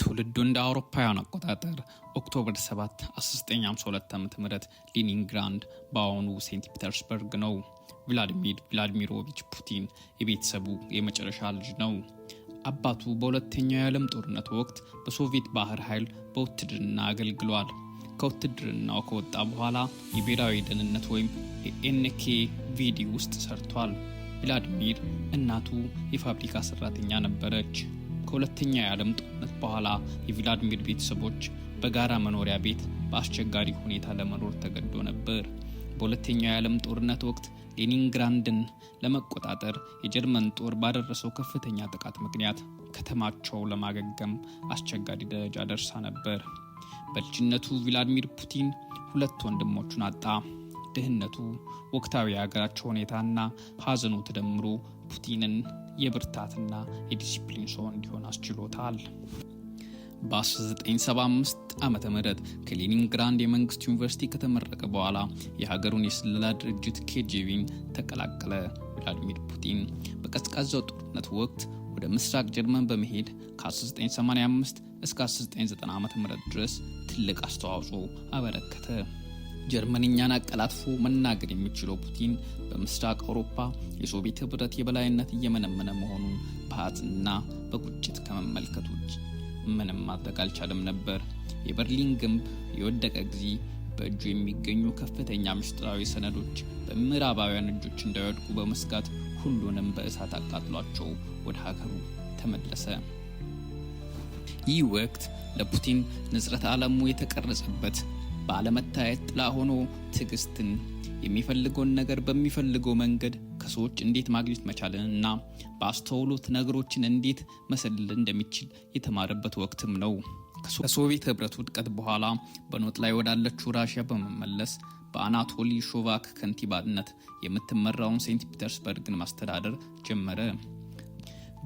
ትውልዱ እንደ አውሮፓውያን አቆጣጠር ኦክቶበር 7 1952 ዓ ም ሌኒንግራንድ በአሁኑ ሴንት ፒተርስበርግ ነው። ቭላዲሚር ቭላዲሚሮቪች ፑቲን የቤተሰቡ የመጨረሻ ልጅ ነው። አባቱ በሁለተኛው የዓለም ጦርነት ወቅት በሶቪየት ባህር ኃይል በውትድርና አገልግሏል። ከውትድርናው ከወጣ በኋላ የብሔራዊ ደህንነት ወይም የኤንኬ ቪዲ ውስጥ ሰርቷል። ቭላዲሚር እናቱ የፋብሪካ ሰራተኛ ነበረች። ከሁለተኛ የዓለም ጦርነት በኋላ የቪላድሚር ቤተሰቦች በጋራ መኖሪያ ቤት በአስቸጋሪ ሁኔታ ለመኖር ተገዶ ነበር። በሁለተኛው የዓለም ጦርነት ወቅት ሌኒንግራንድን ለመቆጣጠር የጀርመን ጦር ባደረሰው ከፍተኛ ጥቃት ምክንያት ከተማቸው ለማገገም አስቸጋሪ ደረጃ ደርሳ ነበር። በልጅነቱ ቪላድሚር ፑቲን ሁለት ወንድሞቹን አጣ። ድህነቱ፣ ወቅታዊ የሀገራቸው ሁኔታና ሀዘኑ ተደምሮ ፑቲንን የብርታትና የዲሲፕሊን ሰው እንዲሆን አስችሎታል። በ1975 ዓ ም ከሌኒንግራንድ የመንግስት ዩኒቨርሲቲ ከተመረቀ በኋላ የሀገሩን የስለላ ድርጅት ኬጂቢን ተቀላቀለ። ቭላዲሚር ፑቲን በቀዝቃዛው ጦርነት ወቅት ወደ ምስራቅ ጀርመን በመሄድ ከ1985 እስከ 1990 ዓ ም ድረስ ትልቅ አስተዋጽኦ አበረከተ። ጀርመንኛን አቀላጥፎ መናገር የሚችለው ፑቲን በምስራቅ አውሮፓ የሶቪየት ህብረት የበላይነት እየመነመነ መሆኑን በሀጽና በቁጭት ከመመልከት ውጭ ምንም ማድረግ አልቻለም ነበር። የበርሊን ግንብ የወደቀ ጊዜ በእጁ የሚገኙ ከፍተኛ ምስጢራዊ ሰነዶች በምዕራባውያን እጆች እንዳይወድቁ በመስጋት ሁሉንም በእሳት አቃጥሏቸው ወደ ሀገሩ ተመለሰ። ይህ ወቅት ለፑቲን ንጽረት ዓለሙ የተቀረጸበት ባለመታየት ጥላ ሆኖ ትዕግስትን የሚፈልገውን ነገር በሚፈልገው መንገድ ከሰዎች እንዴት ማግኘት እና በአስተውሎት ነገሮችን እንዴት መሰልል እንደሚችል የተማረበት ወቅትም ነው። ከሶቪየት ህብረት ውድቀት በኋላ በኖጥ ላይ ወዳለችው ራሽያ በመመለስ በአናቶሊ ሾቫክ ከንቲባነት የምትመራውን ሴንት ፒተርስበርግን ማስተዳደር ጀመረ።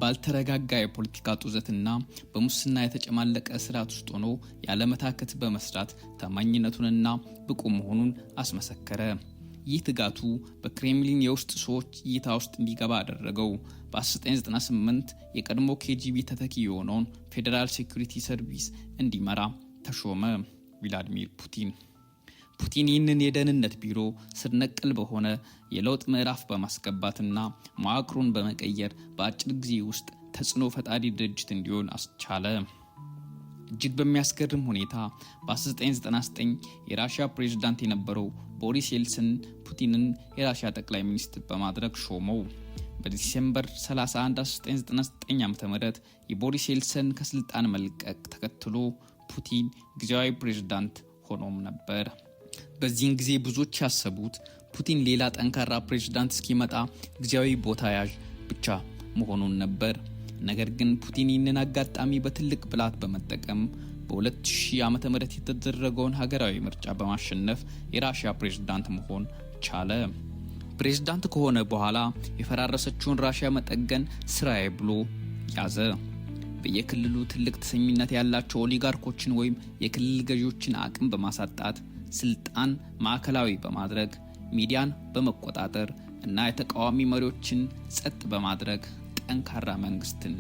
ባልተረጋጋ የፖለቲካ ጡዘትና በሙስና የተጨማለቀ ስርዓት ውስጥ ሆኖ ያለመታከት በመስራት ታማኝነቱንና ብቁ መሆኑን አስመሰከረ። ይህ ትጋቱ በክሬምሊን የውስጥ ሰዎች እይታ ውስጥ እንዲገባ አደረገው። በ1998 የቀድሞ ኬጂቢ ተተኪ የሆነውን ፌዴራል ሴኩሪቲ ሰርቪስ እንዲመራ ተሾመ ቪላዲሚር ፑቲን ፑቲን ይህንን የደህንነት ቢሮ ስርነቅል በሆነ የለውጥ ምዕራፍ በማስገባትና መዋቅሩን በመቀየር በአጭር ጊዜ ውስጥ ተጽዕኖ ፈጣሪ ድርጅት እንዲሆን አስቻለ። እጅግ በሚያስገርም ሁኔታ በ1999 የራሽያ ፕሬዝዳንት የነበረው ቦሪስ ኤልስን ፑቲንን የራሽያ ጠቅላይ ሚኒስትር በማድረግ ሾመው። በዲሴምበር 31 1999 ዓ ም የቦሪስ ኤልሰን ከስልጣን መልቀቅ ተከትሎ ፑቲን ጊዜያዊ ፕሬዝዳንት ሆኖም ነበር። በዚህን ጊዜ ብዙዎች ያሰቡት ፑቲን ሌላ ጠንካራ ፕሬዝዳንት እስኪመጣ ጊዜያዊ ቦታ ያዥ ብቻ መሆኑን ነበር። ነገር ግን ፑቲን ይህንን አጋጣሚ በትልቅ ብላት በመጠቀም በ2000 ዓ ም የተደረገውን ሀገራዊ ምርጫ በማሸነፍ የራሽያ ፕሬዝዳንት መሆን ቻለ። ፕሬዝዳንት ከሆነ በኋላ የፈራረሰችውን ራሽያ መጠገን ስራዬ ብሎ ያዘ። በየክልሉ ትልቅ ተሰሚነት ያላቸው ኦሊጋርኮችን ወይም የክልል ገዢዎችን አቅም በማሳጣት ስልጣን ማዕከላዊ በማድረግ ሚዲያን በመቆጣጠር እና የተቃዋሚ መሪዎችን ጸጥ በማድረግ ጠንካራ መንግስትን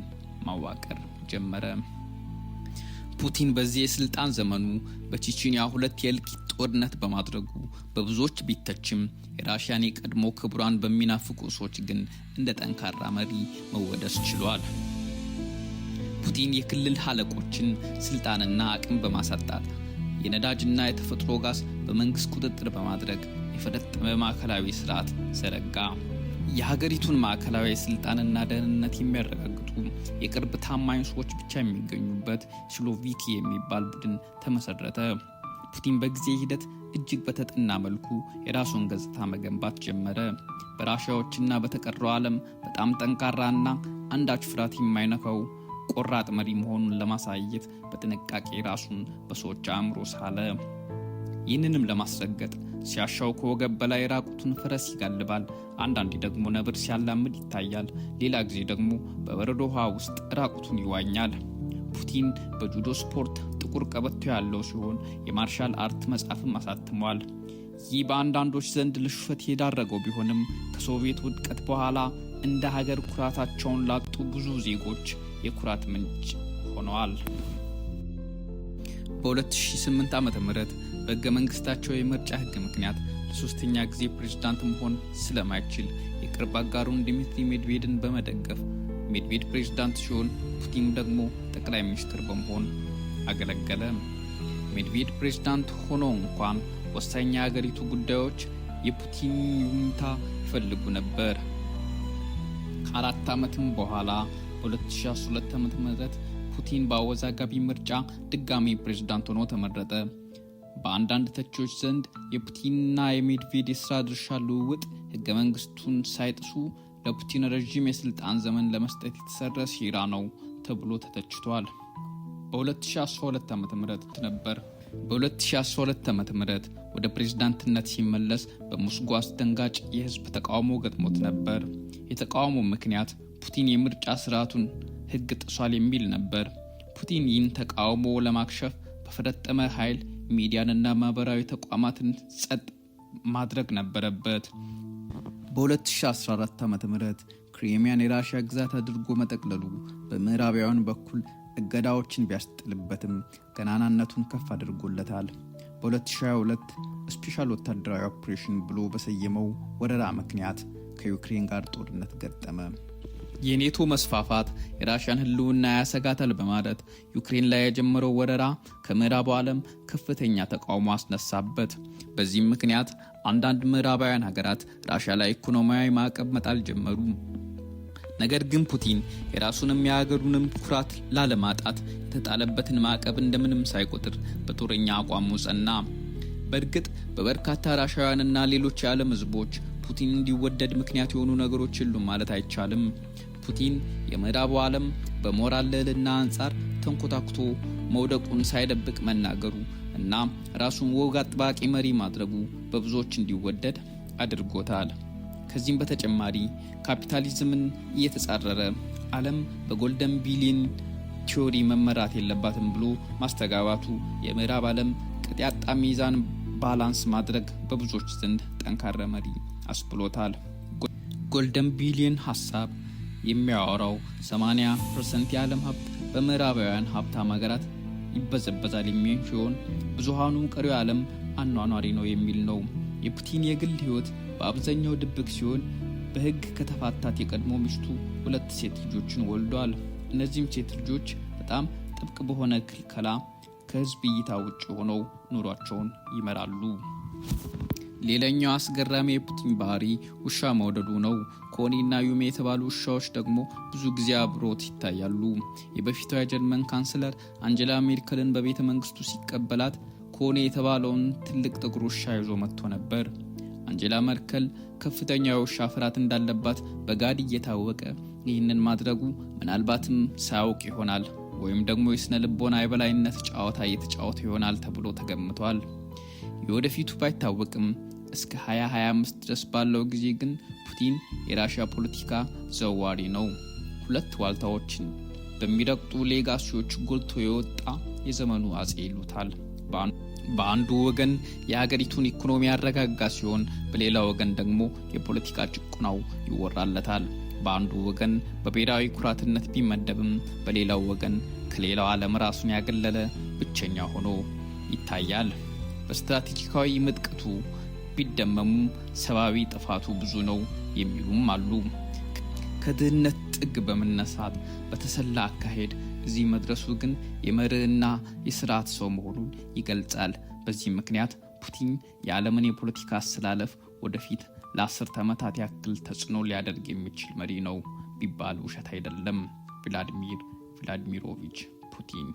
ማዋቀር ጀመረ። ፑቲን በዚህ የስልጣን ዘመኑ በቺቺኒያ ሁለት የእልቂት ጦርነት በማድረጉ በብዙዎች ቢተችም የራሽያን የቀድሞ ክብሯን በሚናፍቁ ሰዎች ግን እንደ ጠንካራ መሪ መወደስ ችሏል። ፑቲን የክልል ሀለቆችን ስልጣንና አቅም በማሳጣት የነዳጅና የተፈጥሮ ጋዝ በመንግስት ቁጥጥር በማድረግ የፈረጠመ ማዕከላዊ ስርዓት ዘረጋ። የሀገሪቱን ማዕከላዊ ስልጣንና ደህንነት የሚያረጋግጡ የቅርብ ታማኝ ሰዎች ብቻ የሚገኙበት ሽሎቪኪ የሚባል ቡድን ተመሰረተ። ፑቲን በጊዜ ሂደት እጅግ በተጠና መልኩ የራሱን ገጽታ መገንባት ጀመረ። በራሻዎችና በተቀረው ዓለም በጣም ጠንካራና አንዳች ፍርሃት የማይነካው ቆራጥ መሪ መሆኑን ለማሳየት በጥንቃቄ ራሱን በሰዎች አእምሮ ሳለ። ይህንንም ለማስረገጥ ሲያሻው ከወገብ በላይ ራቁቱን ፈረስ ይጋልባል። አንዳንዴ ደግሞ ነብር ሲያላምድ ይታያል። ሌላ ጊዜ ደግሞ በበረዶ ውሃ ውስጥ ራቁቱን ይዋኛል። ፑቲን በጁዶ ስፖርት ጥቁር ቀበቶ ያለው ሲሆን የማርሻል አርት መጽሐፍም አሳትሟል። ይህ በአንዳንዶች ዘንድ ልሹፈት የዳረገው ቢሆንም ከሶቪየት ውድቀት በኋላ እንደ ሀገር ኩራታቸውን ላጡ ብዙ ዜጎች የኩራት ምንጭ ሆነዋል። በ2008 ም በሕገ መንግሥታቸው የምርጫ ሕግ ምክንያት ለሶስተኛ ጊዜ ፕሬዝዳንት መሆን ስለማይችል የቅርብ አጋሩን ዲሚትሪ ሜድቬድን በመደገፍ ሜድቬድ ፕሬዝዳንት ሲሆን ፑቲን ደግሞ ጠቅላይ ሚኒስትር በመሆን አገለገለ። ሜድቬድ ፕሬዝዳንት ሆኖ እንኳን ወሳኝ የሀገሪቱ ጉዳዮች የፑቲን ይሁንታ ይፈልጉ ነበር። ከአራት ዓመትም በኋላ በ2012 ዓ.ም ፑቲን በአወዛጋቢ ምርጫ ድጋሚ ፕሬዝዳንት ሆኖ ተመረጠ። በአንዳንድ ተቺዎች ዘንድ የፑቲንና የሜድቬድ የስራ ድርሻ ልውውጥ ህገ መንግስቱን ሳይጥሱ ለፑቲን ረዥም የስልጣን ዘመን ለመስጠት የተሰራ ሴራ ነው ተብሎ ተተችቷል። በ2012 ዓ.ም ነበር በ2012 ም ወደ ፕሬዝዳንትነት ሲመለስ በሞስኮ አስደንጋጭ የህዝብ ተቃውሞ ገጥሞት ነበር። የተቃውሞ ምክንያት ፑቲን የምርጫ ስርዓቱን ህግ ጥሷል የሚል ነበር። ፑቲን ይህን ተቃውሞ ለማክሸፍ በፈረጠመ ኃይል ሚዲያንና ማህበራዊ ተቋማትን ጸጥ ማድረግ ነበረበት። በ2014 ዓ ም ክሪሚያን የራሽያ ግዛት አድርጎ መጠቅለሉ በምዕራባውያን በኩል እገዳዎችን ቢያስጥልበትም ገናናነቱን ከፍ አድርጎለታል። በ2022 ስፔሻል ወታደራዊ ኦፕሬሽን ብሎ በሰየመው ወረራ ምክንያት ከዩክሬን ጋር ጦርነት ገጠመ። የኔቶ መስፋፋት የራሽያን ህልውና ያሰጋታል በማለት ዩክሬን ላይ የጀመረው ወረራ ከምዕራቡ ዓለም ከፍተኛ ተቃውሞ አስነሳበት። በዚህም ምክንያት አንዳንድ ምዕራባውያን ሀገራት ራሽያ ላይ ኢኮኖሚያዊ ማዕቀብ መጣል ጀመሩ። ነገር ግን ፑቲን የራሱንም የሀገሩንም ኩራት ላለማጣት የተጣለበትን ማዕቀብ እንደምንም ሳይቆጥር በጦረኛ አቋሙ ጸና። በእርግጥ በበርካታ ራሻውያንና ሌሎች የዓለም ህዝቦች ፑቲን እንዲወደድ ምክንያት የሆኑ ነገሮች የሉም ማለት አይቻልም። ፑቲን የምዕራቡ ዓለም በሞራል ልዕልና አንጻር ተንኮታኩቶ መውደቁን ሳይደብቅ መናገሩ እና ራሱን ወግ አጥባቂ መሪ ማድረጉ በብዙዎች እንዲወደድ አድርጎታል። ከዚህም በተጨማሪ ካፒታሊዝምን እየተጻረረ ዓለም በጎልደን ቢሊን ቲዮሪ መመራት የለባትም ብሎ ማስተጋባቱ የምዕራብ ዓለም ቅጥያጣ ሚዛን ባላንስ ማድረግ በብዙዎች ዘንድ ጠንካራ መሪ አስብሎታል። ጎልደን ቢሊየን ሀሳብ የሚያወራው 80 ፐርሰንት የዓለም ሀብት በምዕራባውያን ሀብታም ሀገራት ይበዘበዛል የሚል ሲሆን ብዙሃኑ ቀሪው ዓለም አኗኗሪ ነው የሚል ነው። የፑቲን የግል ህይወት በአብዛኛው ድብቅ ሲሆን በህግ ከተፋታት የቀድሞ ሚስቱ ሁለት ሴት ልጆችን ወልዷል። እነዚህም ሴት ልጆች በጣም ጥብቅ በሆነ ክልከላ ከህዝብ እይታ ውጭ ሆነው ኑሯቸውን ይመራሉ። ሌላኛው አስገራሚ የፑቲን ባህሪ ውሻ መውደዱ ነው። ኮኒና ዩሜ የተባሉ ውሻዎች ደግሞ ብዙ ጊዜ አብሮት ይታያሉ። የበፊቷ የጀርመን ካንስለር አንጀላ ሜርከልን በቤተ መንግስቱ ሲቀበላት ኮኔ የተባለውን ትልቅ ጥቁር ውሻ ይዞ መጥቶ ነበር። አንጀላ መርከል ከፍተኛ የውሻ ፍርሃት እንዳለባት በጋድ እየታወቀ ይህንን ማድረጉ ምናልባትም ሳያውቅ ይሆናል ወይም ደግሞ የስነ ልቦና የበላይነት ጨዋታ እየተጫወተ ይሆናል ተብሎ ተገምቷል። የወደፊቱ ባይታወቅም እስከ 2025 ድረስ ባለው ጊዜ ግን ፑቲን የራሽያ ፖለቲካ ዘዋሪ ነው። ሁለት ዋልታዎችን በሚረግጡ ሌጋሲዎች ጎልቶ የወጣ የዘመኑ አጼ ይሉታል። በአንዱ ወገን የሀገሪቱን ኢኮኖሚ ያረጋጋ ሲሆን፣ በሌላ ወገን ደግሞ የፖለቲካ ጭቁናው ይወራለታል። በአንዱ ወገን በብሔራዊ ኩራትነት ቢመደብም፣ በሌላው ወገን ከሌላው ዓለም ራሱን ያገለለ ብቸኛ ሆኖ ይታያል። በስትራቴጂካዊ ምጥቀቱ ቢደመሙ ሰብአዊ ጥፋቱ ብዙ ነው የሚሉም አሉ። ከድህነት ጥግ በመነሳት በተሰላ አካሄድ እዚህ መድረሱ ግን የመርህና የስርዓት ሰው መሆኑን ይገልጻል። በዚህ ምክንያት ፑቲን የዓለምን የፖለቲካ አስተላለፍ ወደፊት ለአስርተ ዓመታት ያክል ተጽዕኖ ሊያደርግ የሚችል መሪ ነው ቢባል ውሸት አይደለም። ቭላድሚር ቪላዲሚሮቪች ፑቲን